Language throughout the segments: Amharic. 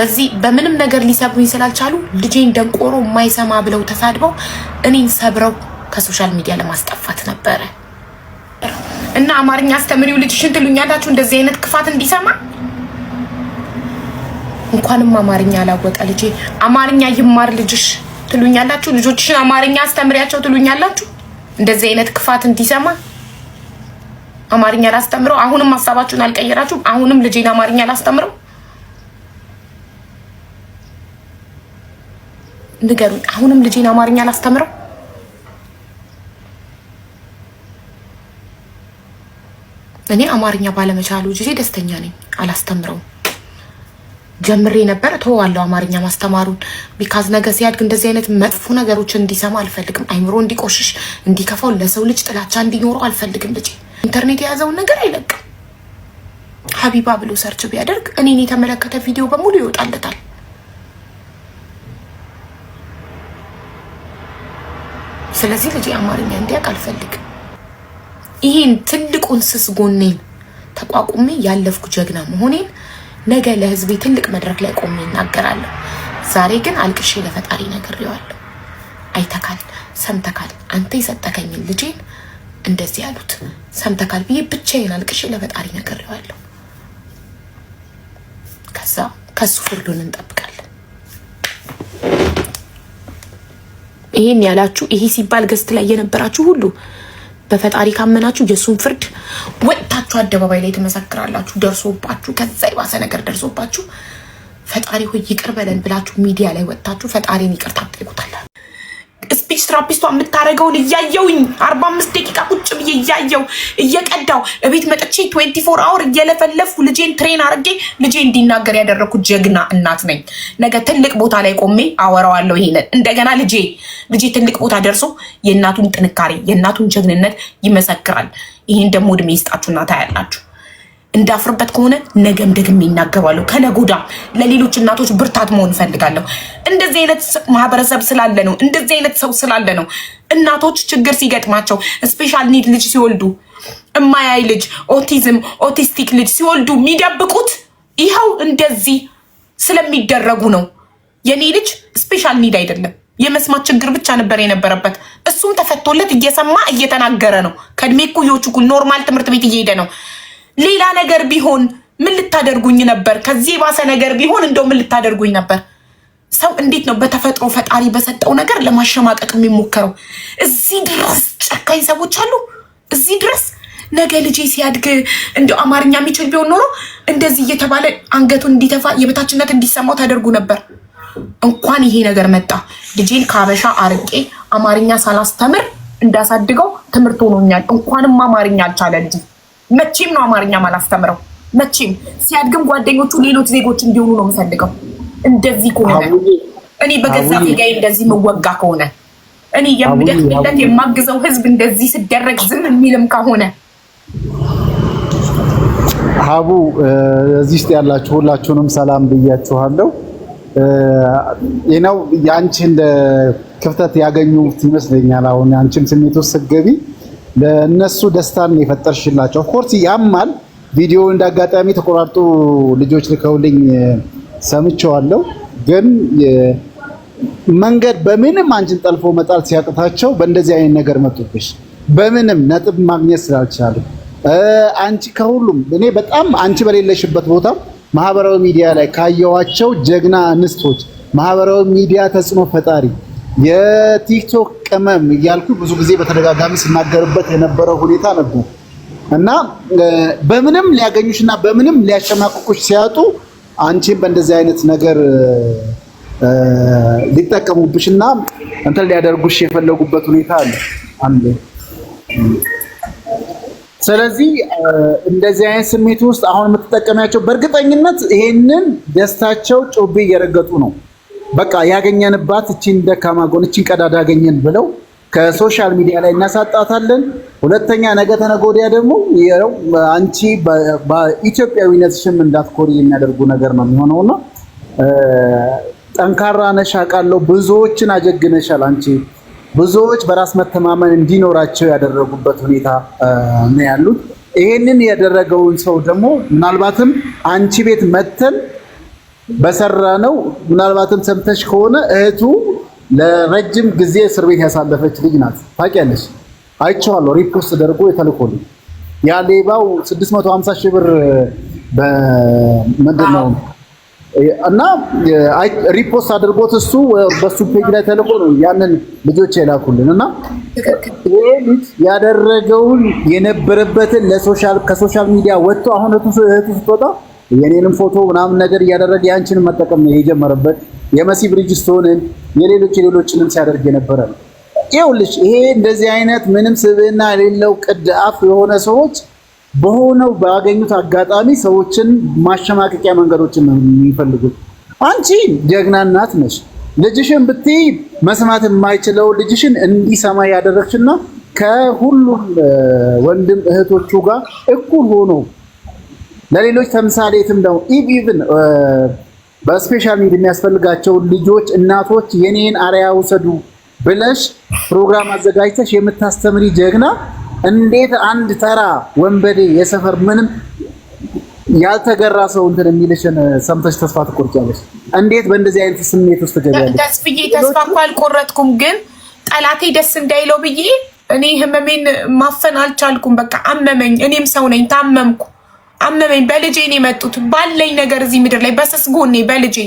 በዚህ በምንም ነገር ሊሰብሩኝ ስላልቻሉ ልጄን ደንቆሮ የማይሰማ ብለው ተሳድበው እኔን ሰብረው ከሶሻል ሚዲያ ለማስጠፋት ነበረ እና አማርኛ አስተምሪው ልጅሽን ትሉኛላችሁ። እንደዚህ አይነት ክፋት እንዲሰማ እንኳንም አማርኛ አላወቀ ልጄ አማርኛ ይማር ልጅሽ ትሉኛላችሁ። ልጆችሽን አማርኛ አስተምሪያቸው ትሉኛላችሁ። እንደዚህ አይነት ክፋት እንዲሰማ አማርኛ ላስተምረው። አሁንም ሀሳባችሁን አልቀየራችሁም። አሁንም ልጄን አማርኛ ላስተምረው ንገሩኝ። አሁንም ልጄን አማርኛ ላስተምረው? እኔ አማርኛ ባለመቻሉ ጊዜ ደስተኛ ነኝ። አላስተምረውም። ጀምሬ ነበር እተወዋለሁ አማርኛ ማስተማሩን። ቢካዝ ነገ ሲያድግ እንደዚህ አይነት መጥፎ ነገሮችን እንዲሰማ አልፈልግም። አይምሮ እንዲቆሽሽ፣ እንዲከፋው፣ ለሰው ልጅ ጥላቻ እንዲኖረው አልፈልግም። ልጄ ኢንተርኔት የያዘውን ነገር አይለቅም። ሀቢባ ብሎ ሰርች ቢያደርግ እኔን የተመለከተ ቪዲዮ በሙሉ ይወጣለታል። ስለዚህ ልጅ አማርኛ እንዲያውቅ አልፈልግም። ይሄን ትልቁን ስስ ጎኔን ተቋቁሜ ያለፍኩ ጀግና መሆኔን ነገ ለህዝቤ ትልቅ መድረክ ላይ ቆሜ እናገራለሁ። ዛሬ ግን አልቅሼ ለፈጣሪ ነግሬዋለሁ። አይተካል፣ ሰምተካል፣ አንተ የሰጠከኝን ልጄን እንደዚህ ያሉት ሰምተካል ብዬ ብቻዬን አልቅሼ ለፈጣሪ ነግሬዋለሁ። ከዛ ከሱ ፍርዱን እንጠብቃለን። ይሄን ያላችሁ ይሄ ሲባል ገስት ላይ የነበራችሁ ሁሉ በፈጣሪ ካመናችሁ የእሱን ፍርድ ወጥታችሁ አደባባይ ላይ ትመሰክራላችሁ። ደርሶባችሁ ከዛ የባሰ ነገር ደርሶባችሁ ፈጣሪ ሆይ ይቅር በለን ብላችሁ ሚዲያ ላይ ወጥታችሁ ፈጣሪን ይቅርታ ትጠይቁታላችሁ። ልጅ ትራፒስቷ የምታደርገውን እያየውኝ አርባ አምስት ደቂቃ ቁጭ ብዬ እያየው እየቀዳው እቤት መጥቼ ትዌንቲ ፎር አወር እየለፈለፍኩ ልጄን ትሬን አድርጌ ልጄ እንዲናገር ያደረግኩት ጀግና እናት ነኝ። ነገ ትልቅ ቦታ ላይ ቆሜ አወራዋለሁ። ይሄንን እንደገና ልጄ ልጄ ትልቅ ቦታ ደርሶ የእናቱን ጥንካሬ የእናቱን ጀግንነት ይመሰክራል። ይህን ደግሞ እድሜ ይስጣችሁና ታያላችሁ። እንዳፍርበት ከሆነ ነገም ደግሜ ይናገራለሁ። ከነጎዳ ለሌሎች እናቶች ብርታት መሆን እፈልጋለሁ። እንደዚህ አይነት ማህበረሰብ ስላለ ነው፣ እንደዚህ አይነት ሰው ስላለ ነው። እናቶች ችግር ሲገጥማቸው ስፔሻል ኒድ ልጅ ሲወልዱ፣ እማያይ ልጅ፣ ኦቲዝም ኦቲስቲክ ልጅ ሲወልዱ የሚደብቁት ይኸው እንደዚህ ስለሚደረጉ ነው። የኔ ልጅ ስፔሻል ኒድ አይደለም፣ የመስማት ችግር ብቻ ነበር የነበረበት። እሱም ተፈቶለት እየሰማ እየተናገረ ነው። ከእድሜ እኩዮቹ ኖርማል ትምህርት ቤት እየሄደ ነው። ሌላ ነገር ቢሆን ምን ልታደርጉኝ ነበር? ከዚህ የባሰ ነገር ቢሆን እንደው ምን ልታደርጉኝ ነበር? ሰው እንዴት ነው በተፈጥሮ ፈጣሪ በሰጠው ነገር ለማሸማቀቅ የሚሞከረው? እዚህ ድረስ ጨካኝ ሰዎች አሉ። እዚህ ድረስ ነገ ልጄ ሲያድግ እንደ አማርኛ የሚችል ቢሆን ኖሮ እንደዚህ እየተባለ አንገቱን እንዲተፋ የበታችነት እንዲሰማው ታደርጉ ነበር። እንኳን ይሄ ነገር መጣ። ልጄን ከአበሻ አርቄ አማርኛ ሳላስተምር እንዳሳድገው ትምህርት ሆኖኛል። እንኳንም አማርኛ አልቻለ ልጅ መቼም ነው አማርኛ ማላስተምረው። መቼም ሲያድግም ጓደኞቹ ሌሎች ዜጎች እንዲሆኑ ነው የምፈልገው። እንደዚህ ከሆነ እኔ በገዛ ዜጋዬ እንደዚህ መወጋ ከሆነ እኔ የምደክምለት የማግዘው ህዝብ እንደዚህ ስደረግ ዝም የሚልም ከሆነ ሀቡ እዚህ ውስጥ ያላችሁ ሁላችሁንም ሰላም ብያችኋለሁ። ይነው እንደ ክፍተት ያገኙት ይመስለኛል። አሁን አንቺም ስሜት ውስጥ ስትገቢ ለእነሱ ደስታን የፈጠርሽላቸው። ኦፍኮርስ ያማል። ቪዲዮ እንዳጋጣሚ ተቆራርጡ ልጆች ልከውልኝ ሰምቼዋለሁ። ግን መንገድ በምንም አንቺን ጠልፎ መጣል ሲያቅታቸው በእንደዚህ አይነት ነገር መጡብሽ። በምንም ነጥብ ማግኘት ስላልቻሉ አንቺ ከሁሉም እኔ በጣም አንቺ በሌለሽበት ቦታ ማህበራዊ ሚዲያ ላይ ካየዋቸው ጀግና እንስቶች ማህበራዊ ሚዲያ ተጽዕኖ ፈጣሪ የቲክቶክ ቅመም እያልኩ ብዙ ጊዜ በተደጋጋሚ ሲናገርበት የነበረው ሁኔታ ነበር እና በምንም እና በምንም ሊያሸማቅቁሽ ሲያጡ አንቺም በእንደዚህ አይነት ነገር እና እንትን ሊያደርጉሽ የፈለጉበት ሁኔታ አለ አለ። ስለዚህ እንደዚህ አይነት ስሜት ውስጥ አሁን የምትጠቀሚያቸው በእርግጠኝነት ይሄንን ደስታቸው ጮቤ እየረገጡ ነው። በቃ ያገኘንባት እቺን ደካማ ጎን እቺን ቀዳዳ ያገኘን ብለው ከሶሻል ሚዲያ ላይ እናሳጣታለን። ሁለተኛ ነገ ተነገ ወዲያ ደግሞ አንቺ በኢትዮጵያዊነትሽም እንዳትኮሪ የሚያደርጉ ነገር ነው የሚሆነውና ጠንካራ ነሽ አውቃለሁ። ብዙዎችን አጀግነሻል። አንቺ ብዙዎች በራስ መተማመን እንዲኖራቸው ያደረጉበት ሁኔታ ነው ያሉት። ይሄንን ያደረገውን ሰው ደግሞ ምናልባትም አንቺ ቤት መተን በሰራ ነው። ምናልባትም ሰምተሽ ከሆነ እህቱ ለረጅም ጊዜ እስር ቤት ያሳለፈች ልጅ ናት። ታውቂያለሽ? አይቼዋለሁ። ሪፖርት ተደርጎ የተልኮልኝ ያ ሌባው 650 ሺህ ብር በምንድን ነው እና ሪፖስት አድርጎት እሱ በሱ ፔጅ ላይ ተልኮ ነው ያንን ልጆች የላኩልን እና ይሄ ልጅ ያደረገውን የነበረበትን ለሶሻል ከሶሻል ሚዲያ ወጥቶ አሁን እህቱ ስትወጣ የኔንም ፎቶ ምናምን ነገር እያደረገ ያንቺንም መጠቀም የጀመረበት የመሲ ብሪጅስቶንን የሌሎች የሌሎችንም ሲያደርግ የነበረ ነው። ይኸውልሽ ይሄ እንደዚህ አይነት ምንም ስብዕና የሌለው ቅድ አፍ የሆነ ሰዎች በሆነው ባገኙት አጋጣሚ ሰዎችን ማሸማቀቂያ መንገዶችን ነው የሚፈልጉት። አንቺ ጀግና እናት ነሽ። ልጅሽን ብትይ መስማት የማይችለው ልጅሽን እንዲሰማ ያደረግሽና ከሁሉም ወንድም እህቶቹ ጋር እኩል ሆኖ ለሌሎች ተምሳሌትም ነው። ኢቭን በስፔሻል ኒድ የሚያስፈልጋቸውን ልጆች እናቶች የኔን አርያ ውሰዱ ብለሽ ፕሮግራም አዘጋጅተሽ የምታስተምሪ ጀግና እንዴት አንድ ተራ ወንበዴ የሰፈር ምንም ያልተገራ ሰው እንትን የሚልሽን ሰምተሽ ተስፋ ትቆርጫለሽ። እንዴት በእንደዚህ አይነት ስሜት ውስጥ ትገቢያለሽ? ተስፍዬ ተስፋ እኮ አልቆረጥኩም፣ ግን ጠላቴ ደስ እንዳይለው ብዬ እኔ ህመሜን ማፈን አልቻልኩም። በቃ አመመኝ። እኔም ሰው ነኝ፣ ታመምኩ። አመመኝ። በልጄ ነው የመጡት ባለኝ ነገር እዚህ ምድር ላይ በሰስ ጎኔ በልጄ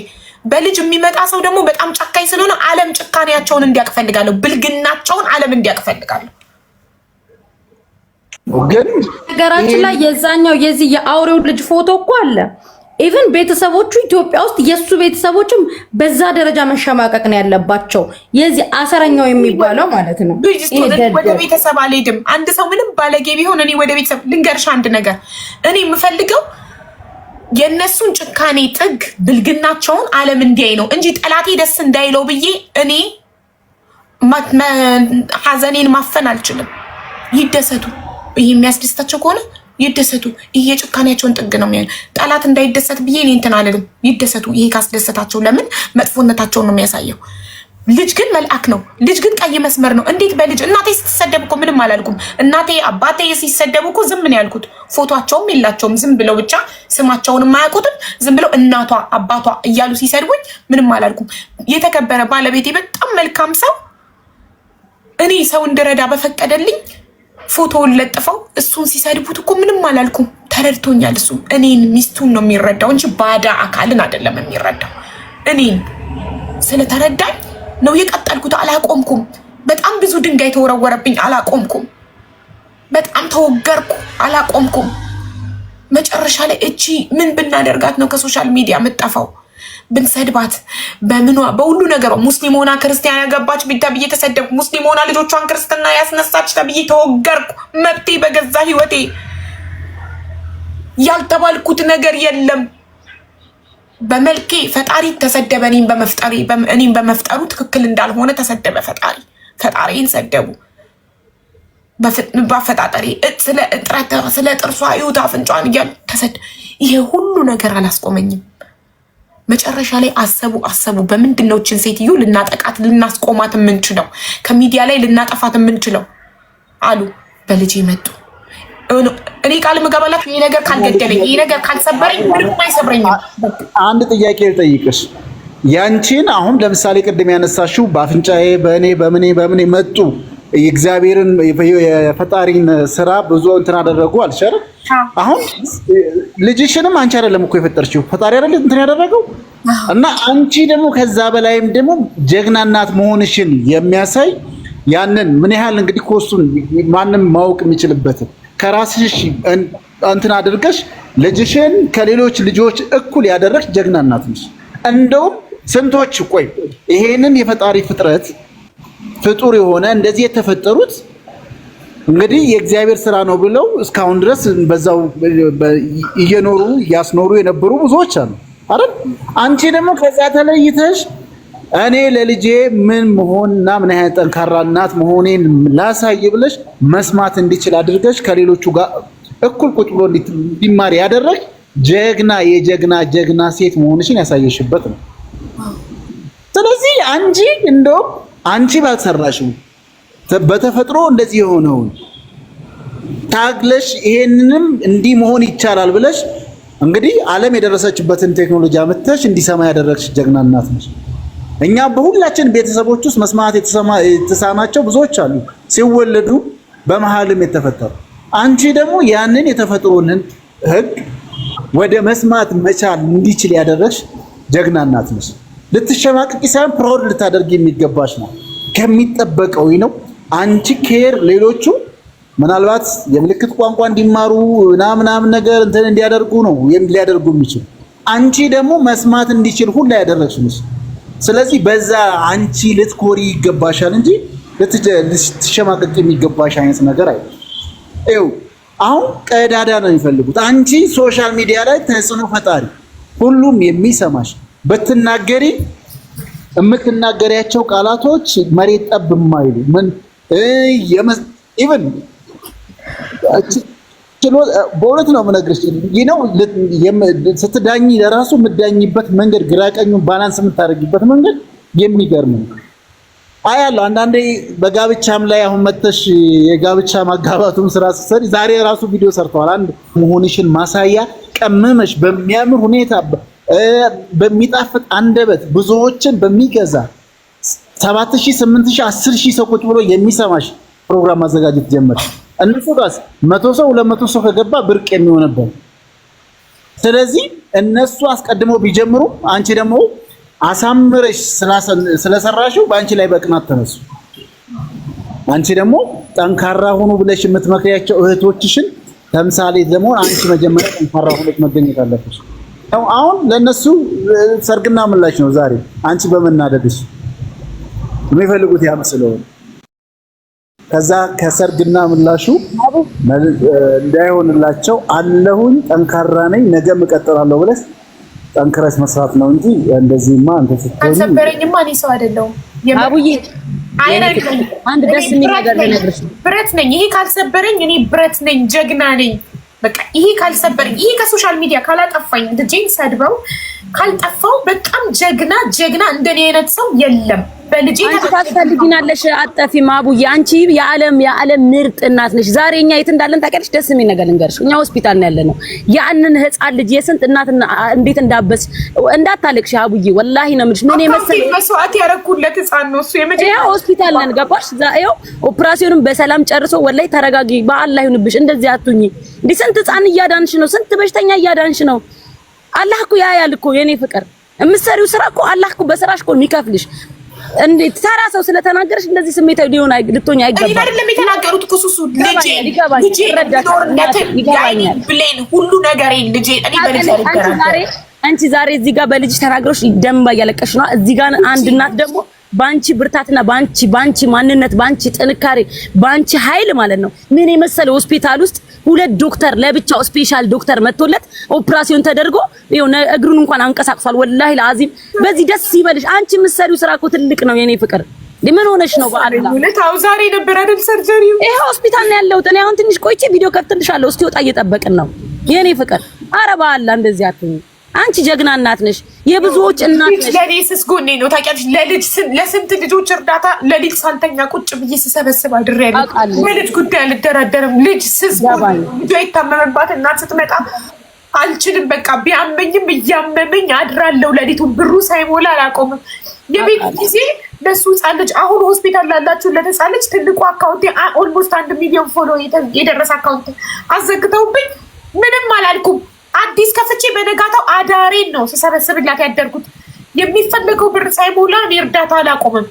በልጅ የሚመጣ ሰው ደግሞ በጣም ጨካኝ ስለሆነ ዓለም ጭካኔያቸውን እንዲያውቅ ብልግናቸውን ዓለም እንዲያውቅ እፈልጋለሁ። ነገራችን ላይ የዛኛው የዚህ የአውሬው ልጅ ፎቶ እኮ አለ ኢቨን ቤተሰቦቹ ኢትዮጵያ ውስጥ የእሱ ቤተሰቦችም በዛ ደረጃ መሸማቀቅ ነው ያለባቸው። የዚህ አሰረኛው የሚባለው ማለት ነው። ወደ ቤተሰብ አልሄድም። አንድ ሰው ምንም ባለጌ ቢሆን እኔ ወደ ቤተሰብ ልንገርሽ አንድ ነገር፣ እኔ የምፈልገው የእነሱን ጭካኔ ጥግ፣ ብልግናቸውን ዓለም እንዲያይ ነው እንጂ ጠላቴ ደስ እንዳይለው ብዬ እኔ ሀዘኔን ማፈን አልችልም። ይደሰቱ። ይህ የሚያስደስታቸው ከሆነ ይደሰቱ። ይሄ ጭካኔያቸውን ጥግ ነው የሚያ ጠላት እንዳይደሰት ብዬ እኔ እንትን አልልም። ይደሰቱ። ይሄ ካስደሰታቸው ለምን መጥፎነታቸውን ነው የሚያሳየው። ልጅ ግን መልአክ ነው። ልጅ ግን ቀይ መስመር ነው። እንዴት በልጅ እናቴ ስትሰደብ እኮ ምንም አላልኩም። እናቴ አባቴ ሲሰደቡ እኮ ዝም ነው ያልኩት። ፎቶቸውም የላቸውም ዝም ብለው ብቻ ስማቸውን አያውቁትም። ዝም ብለው እናቷ አባቷ እያሉ ሲሰድቡኝ ምንም አላልኩም። የተከበረ ባለቤቴ በጣም መልካም ሰው እኔ ሰው እንድረዳ በፈቀደልኝ ፎቶውን ለጥፈው እሱን ሲሰድቡት እኮ ምንም አላልኩም። ተረድቶኛል። እሱ እኔን ሚስቱን ነው የሚረዳው እንጂ ባዳ አካልን አይደለም የሚረዳው። እኔን ስለተረዳኝ ነው የቀጠልኩት። አላቆምኩም። በጣም ብዙ ድንጋይ ተወረወረብኝ። አላቆምኩም። በጣም ተወገርኩ። አላቆምኩም። መጨረሻ ላይ እቺ ምን ብናደርጋት ነው ከሶሻል ሚዲያ የምጠፋው? ብንሰድባት በምኗ በሁሉ ነገሯ ሙስሊም ሆና ክርስቲያን ያገባች ተብዬ ተሰደብኩ። ሙስሊም ሆና ልጆቿን ክርስትና ያስነሳች ተብዬ ተወገርኩ። መብቴ በገዛ ህይወቴ ያልተባልኩት ነገር የለም። በመልኬ ፈጣሪ ተሰደበ። እኔም በመፍጠሩ ትክክል እንዳልሆነ ተሰደበ። ፈጣሪ ፈጣሪን ሰደቡ። በአፈጣጠሪ ስለ ጥርሷ እዩት አፍንጫን እያሉ ተሰደ። ይሄ ሁሉ ነገር አላስቆመኝም። መጨረሻ ላይ አሰቡ አሰቡ። በምንድን ነው ችን ሴትዮ ልናጠቃት ልናስቆማት የምንችለው ከሚዲያ ላይ ልናጠፋት የምንችለው አሉ። በልጄ መጡ። እኔ ቃል ምገባላት ይህ ነገር ካልገደለኝ፣ ይህ ነገር ካልሰበረኝ አይሰብረኝ። አንድ ጥያቄ ልጠይቅሽ። ያንቺን አሁን ለምሳሌ ቅድም ያነሳሽው በአፍንጫዬ በእኔ በምኔ በምኔ መጡ የእግዚአብሔርን የፈጣሪን ስራ ብዙ እንትን አደረጉ አልሻረ አሁን ልጅሽንም አንቺ አይደለም እኮ የፈጠርችው ፈጣሪ አይደል እንትን ያደረገው እና አንቺ ደግሞ ከዛ በላይም ደግሞ ጀግና እናት መሆንሽን የሚያሳይ ያንን ምን ያህል እንግዲህ ኮሱን ማንም ማወቅ የሚችልበትን ከራስሽ እንትን አድርገሽ ልጅሽን ከሌሎች ልጆች እኩል ያደረግሽ ጀግና እናት ነሽ። እንደውም ስንቶች ቆይ ይሄንን የፈጣሪ ፍጥረት ፍጡር የሆነ እንደዚህ የተፈጠሩት እንግዲህ የእግዚአብሔር ስራ ነው ብለው እስካሁን ድረስ በዛው እየኖሩ እያስኖሩ የነበሩ ብዙዎች አሉ አይደል? አንቺ ደግሞ ከዛ ተለይተሽ እኔ ለልጄ ምን መሆንና ምን አይነት ጠንካራ እናት መሆኔን ላሳይ ብለሽ መስማት እንዲችል አድርገሽ ከሌሎቹ ጋር እኩል ቁጭ ብሎ እንዲማር ያደረግ ጀግና የጀግና ጀግና ሴት መሆንሽን ያሳየሽበት ነው። ስለዚህ አንቺ እንደውም አንቺ ባልሰራሽው በተፈጥሮ እንደዚህ የሆነውን ታግለሽ ይሄንንም እንዲህ መሆን ይቻላል ብለሽ እንግዲህ ዓለም የደረሰችበትን ቴክኖሎጂ አምጥተሽ እንዲሰማ ያደረግሽ ጀግና እናት ነሽ። እኛ በሁላችን ቤተሰቦች ውስጥ መስማት የተሳናቸው ብዙዎች አሉ፣ ሲወለዱ በመሀልም የተፈጠሩ። አንቺ ደግሞ ያንን የተፈጥሮንን ህግ ወደ መስማት መቻል እንዲችል ያደረግሽ ጀግና እናት ነሽ። ልትሸማቅቂ ሳይሆን ፕራውድ ልታደርግ የሚገባሽ ነው። ከሚጠበቀው ነው አንቺ ኬር ሌሎቹ ምናልባት የምልክት ቋንቋ እንዲማሩ ምናምናም ነገር እንትን እንዲያደርጉ ነው ሊያደርጉ የሚችል አንቺ ደግሞ መስማት እንዲችል ሁላ ያደረግሽ ስለዚህ በዛ አንቺ ልትኮሪ ይገባሻል እንጂ ልትሸማቀቅ የሚገባሽ አይነት ነገር አይ ው አሁን ቀዳዳ ነው የሚፈልጉት። አንቺ ሶሻል ሚዲያ ላይ ተጽዕኖ ፈጣሪ ሁሉም የሚሰማሽ ብትናገሪ የምትናገሪያቸው ቃላቶች መሬት ጠብ የማይሉ ምን ኢቭን በእውነት ነው የምነግርሽ። ይህ ነው ስትዳኝ ለራሱ የምዳኝበት መንገድ ግራቀኙን ባላንስ የምታደርጊበት መንገድ የሚገርም ነው። አያለሁ አንዳንዴ በጋብቻም ላይ አሁን መተሽ የጋብቻ ማጋባቱን ስራ ስትሰሪ ዛሬ ራሱ ቪዲዮ ሰርተዋል። አንድ መሆንሽን ማሳያ ቀምመሽ በሚያምር ሁኔታ በሚጣፍጥ አንደበት ብዙዎችን በሚገዛ ሰባት ሺህ ስምንት ሺህ አስር ሺህ ሰው ቁጭ ብሎ የሚሰማሽ ፕሮግራም ማዘጋጀት ጀመር። እነሱ ጋርስ መቶ ሰው ሁለት መቶ ሰው ከገባ ብርቅ የሚሆንበት። ስለዚህ እነሱ አስቀድመው ቢጀምሩ አንቺ ደግሞ አሳምረሽ ስለሰራሽው በአንቺ ላይ በቅናት ተነሱ። አንቺ ደግሞ ጠንካራ ሆኑ ብለሽ የምትመክሪያቸው እህቶችሽን ተምሳሌ ለመሆን አንቺ መጀመሪያ ጠንካራ ሆነሽ መገኘት አለብሽ። አሁን ለነሱ ሰርግና ምላሽ ነው ዛሬ አንቺ በመናደድሽ የሚፈልጉት ያም ስለሆነ ከዛ ከሰርግና ምላሹ እንዳይሆንላቸው አለሁኝ፣ ጠንካራ ነኝ፣ ነገ እቀጥላለሁ ብለሽ ጠንክረሽ መስራት ነው እንጂ እንደዚህማ አንተ ስትሆኚ አልሰበረኝማ። እኔ ሰው አይደለሁም። አቡዬ አንድ ደስ የሚል ነገር ልነግርሽ፣ ብረት ነኝ። ይሄ ካልሰበረኝ እኔ ብረት ነኝ፣ ጀግና ነኝ በቃ ይሄ ካልሰበረኝ ይሄ ከሶሻል ሚዲያ ካላጠፋኝ እንደ ጄን ሰድበው ካልጠፋው በጣም ጀግና ጀግና እንደኔ አይነት ሰው የለም። በልጄ ታስፈልጊናለሽ። አጠፊም አቡዬ አንቺ የዓለም የዓለም ምርጥ እናት ነሽ። ዛሬ እኛ የት እንዳለን ታውቂያለሽ? ደስ የሚል ነገር ልንገርሽ። እኛ ሆስፒታል ነው ያለነው። ያንን ህፃን ልጅ የስንት እናት እንዴት እንዳበስ እንዳታለቅሽ አቡዬ፣ ወላሂ ነው የምልሽ። ምን የመሰለ መስዋዕት ያደረኩለት ህፃን ነው እሱ። የመጀመሪያ ሆስፒታል ነን ገባሽ? ዛሬው ኦፕራሲዮንም በሰላም ጨርሶ ወላሂ ተረጋጊ፣ በአላህ ይሁንብሽ። እንደዚህ አትሁኚ እንዴ! ስንት ህፃን እያዳንሽ ነው? ስንት በሽተኛ እያዳንሽ ነው? አላህ እኮ ያያል እኮ የኔ ፍቅር፣ የምትሰሪው ስራ እኮ አላህ እኮ በስራሽ እኮ የሚከፍልሽ። እንዴ ተራ ሰው ስለተናገረሽ እንደዚህ ስሜታዊ ሊሆን ልትሆኝ አይገባም። እኔ አይደለም የተናገሩት እኮ ሱሱ ልጄ ልጄ ይገባኛል ብሌን ሁሉ ነገር ልጄ እኔ በልጅ ዛሬ አንቺ ዛሬ እዚህ ጋር በልጅ ተናግረሽ ደምባ እያለቀሽ ነው። እዚህ ጋር አንድ እናት ደግሞ ባንቺ ብርታትና ባንቺ ባንቺ ማንነት ባንቺ ጥንካሬ ባንቺ ኃይል ማለት ነው ምን የመሰለ ሆስፒታል ውስጥ ሁለት ዶክተር ለብቻው ስፔሻል ዶክተር መጥቶለት ኦፕራሲዮን ተደርጎ እግሩን እንኳን አንቀሳቅሷል። ወላሂ ለአዚም በዚህ ደስ ይበልሽ። አንቺ የምትሰሪው ስራ እኮ ትልቅ ነው የኔ ፍቅር። ምን ሆነሽ ነው? በአላ ሁኔታው ዛሬ ነበር አይደል ሰርጀሪው? ይሄ ሆስፒታል ነው ያለሁት እኔ። አሁን ትንሽ ቆይቼ ቪዲዮ ከፍትልሻለሁ። እስቲ ወጣ እየጠበቅን ነው የኔ ፍቅር። አረ በአላ እንደዚህ አትሁን። አንቺ ጀግና እናት ነሽ፣ የብዙዎች እናት ነሽ። ለኔ ስስ ጎኔ ነው ታውቂያለሽ። ለልጅ ለስንት ልጆች እርዳታ ለልጅ ሳንተኛ ቁጭ ብዬ ስሰበስብ አድሬያለሁ። ለልጅ ጉዳይ አልደራደርም። ልጅ ስስ ጎኔ ልጇ የታመመባት እናት ስትመጣ አልችልም። በቃ ቢያመኝም እያመመኝ አድራለሁ። ለሊቱን ብሩ ሳይሞላ አላቆምም። የቤት ጊዜ ለሱ ህፃን ልጅ አሁን ሆስፒታል ላላችሁ ለህፃን ልጅ ትልቁ አካውንት ኦልሞስት አንድ ሚሊዮን ፎሎ የደረሰ አካውንት አዘግተውብኝ ምንም አላልኩም። አዲስ ከፍቼ በነጋታው አዳሬን ነው ስሰበስብላት ያደርጉት። የሚፈለገው ብር ሳይሞላ እኔ እርዳታ አላቆምም።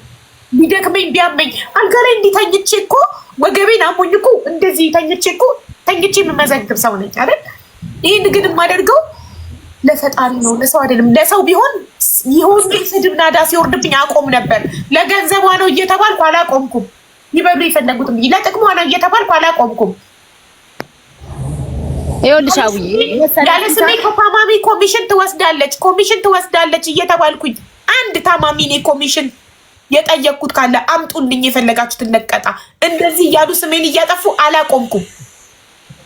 ቢደክመኝ ቢያመኝ አልጋ ላይ እንዲህ ተኝቼ እኮ ወገቤን አሞኝ እኮ እንደዚህ ተኝቼ እኮ ተኝቼ የምመዘግብ ሰው ነኝ አይደል? ይህን ግን የማደርገው ለፈጣሪ ነው፣ ለሰው አይደለም። ለሰው ቢሆን ይሆን ስድብ ናዳ ሲወርድብኝ አቆም ነበር። ለገንዘቧ ነው እየተባልኩ አላቆምኩም። ይበሉ የፈለጉትም ለጥቅሟ ነው እየተባልኩ አላቆምኩም። ይኸውልሽ አውዬ ያለ ስሜ ከታማሚ ኮሚሽን ትወስዳለች ኮሚሽን ትወስዳለች እየተባልኩኝ አንድ ታማሚ እኔ ኮሚሽን የጠየቅኩት ካለ አምጡልኝ፣ የፈለጋችሁትን ነቀጣ። እንደዚህ እያሉ ስሜን እያጠፉ አላቆምኩም።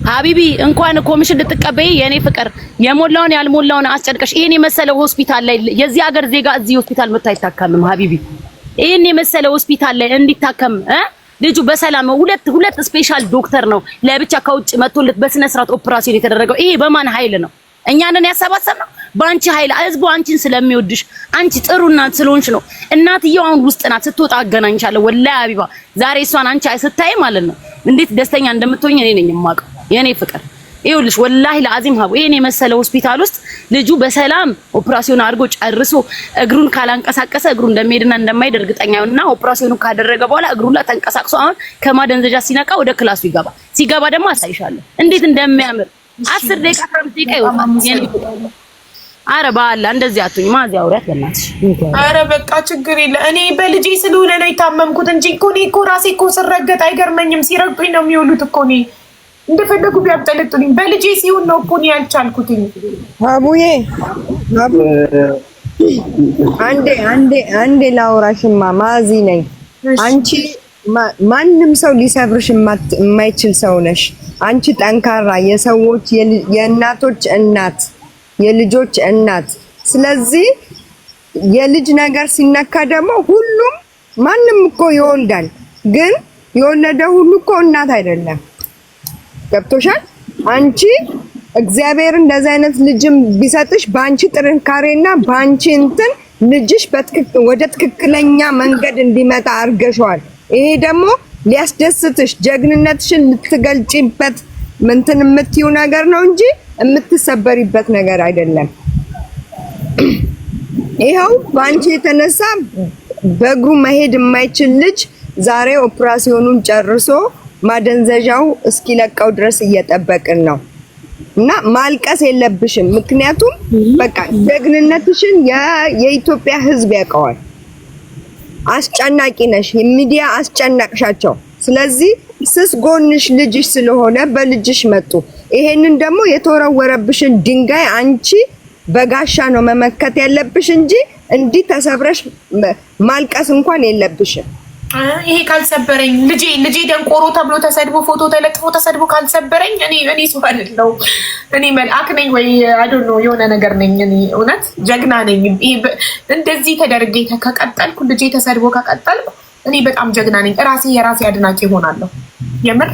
ሀቢቢ እንኳን ኮሚሽን ልትቀበይ የኔ ፍቅር የሞላውን ያልሞላውን አስጨንቀሽ ይሄን የመሰለ ሆስፒታል ላይ የዚህ ሀገር ዜጋ እዚህ ሆስፒታል መጥቶ አይታከምም። ሀቢቢ ይሄን የመሰለ ሆስፒታል ላይ እንዲታከም ልጁ በሰላም ሁለት ሁለት ስፔሻል ዶክተር ነው ለብቻ ከውጭ መጥቶለት በስነ ስርዓት ኦፕራሲዮን የተደረገው። ይሄ በማን ኃይል ነው? እኛንን ያሰባሰብ ነው በአንቺ ኃይል። ህዝቡ አንቺን ስለሚወድሽ አንቺ ጥሩ እናት ስለሆንሽ ነው። እናትየው አሁን ውስጥ ናት። ስትወጣ አገናኝሻለሁ። ወላሂ አቢባ ዛሬ እሷን አንቺ ስታይ ማለት ነው እንዴት ደስተኛ እንደምትሆኝ እኔ ነኝ የማውቀው የኔ ፍቅር ይኸውልሽ ወላሂ ለአዚም ሀቡ ይሄን የመሰለ ሆስፒታል ውስጥ ልጁ በሰላም ኦፕራሲዮን አድርጎ ጨርሶ እግሩን ካላንቀሳቀሰ እግሩ እንደሚሄድና እንደማይሄድ እርግጠኛ ነውና ኦፕራሲዮኑን ካደረገ በኋላ እግሩ ላይ ተንቀሳቅሶ አሁን ከማደንዘዣ ሲነቃ ወደ ክላሱ ይገባ። ሲገባ ደግሞ አሳይሻለሁ እንዴት እንደሚያምር። አስር ደቂቃ አስራአምስት ደቂቃ ይወጣል። አረ ባላ እንደዚህ አትሁኝ። ማዚያ አውሪያት በእናትሽ። አረ በቃ ችግር የለ። እኔ በልጄ ስለሆነ ነው የታመምኩት እንጂ እኮ እኔ እኮ ራሴ እኮ ስረገጥ አይገርመኝም። ሲረግጡኝ ነው የሚውሉት እኮ እኔ እንደፈለጉ ቢያብጠለጡልኝ በልጄ ሲሆን ነው እኮ እኔ ያልቻልኩትኝ። አቡዬ አንዴ አንዴ አንዴ ላውራሽማ ማዚ ነኝ። አንቺ ማንም ሰው ሊሰብርሽ የማይችል ሰው ነሽ። አንቺ ጠንካራ፣ የሰዎች የእናቶች እናት፣ የልጆች እናት። ስለዚህ የልጅ ነገር ሲነካ ደግሞ ሁሉም ማንም እኮ ይወልዳል፣ ግን የወለደ ሁሉ እኮ እናት አይደለም። ገብቶሻል። አንቺ እግዚአብሔር እንደዚህ አይነት ልጅም ቢሰጥሽ በአንቺ ጥንካሬና በአንቺ እንትን ልጅሽ ወደ ትክክለኛ መንገድ እንዲመጣ አድርገሸዋል። ይሄ ደግሞ ሊያስደስትሽ ጀግንነትሽን ልትገልጪበት ምንትን የምትዩ ነገር ነው እንጂ የምትሰበሪበት ነገር አይደለም። ይኸው በአንቺ የተነሳ በእግሩ መሄድ የማይችል ልጅ ዛሬ ኦፕራሲዮኑን ጨርሶ ማደንዘዣው እስኪለቀው ድረስ እየጠበቅን ነው እና ማልቀስ የለብሽም። ምክንያቱም በቃ ደግንነትሽን የኢትዮጵያ ሕዝብ ያውቀዋል። አስጨናቂ ነሽ፣ ሚዲያ አስጨናቅሻቸው። ስለዚህ ስስ ጎንሽ ልጅሽ ስለሆነ በልጅሽ መጡ። ይሄንን ደግሞ የተወረወረብሽን ድንጋይ አንቺ በጋሻ ነው መመከት ያለብሽ እንጂ እንዲህ ተሰብረሽ ማልቀስ እንኳን የለብሽም። ይሄ ካልሰበረኝ ልጄ ልጄ ደንቆሮ ተብሎ ተሰድቦ ፎቶ ተለጥፎ ተሰድቦ ካልሰበረኝ እኔ እኔ ሰው አይደለሁ። እኔ መልአክ ነኝ ወይ አዶ ነው የሆነ ነገር ነኝ። እኔ እውነት ጀግና ነኝ። እንደዚህ ተደርጌ ከቀጠልኩ ልጄ ተሰድቦ ከቀጠልኩ እኔ በጣም ጀግና ነኝ። ራሴ የራሴ አድናቂ እሆናለሁ የምር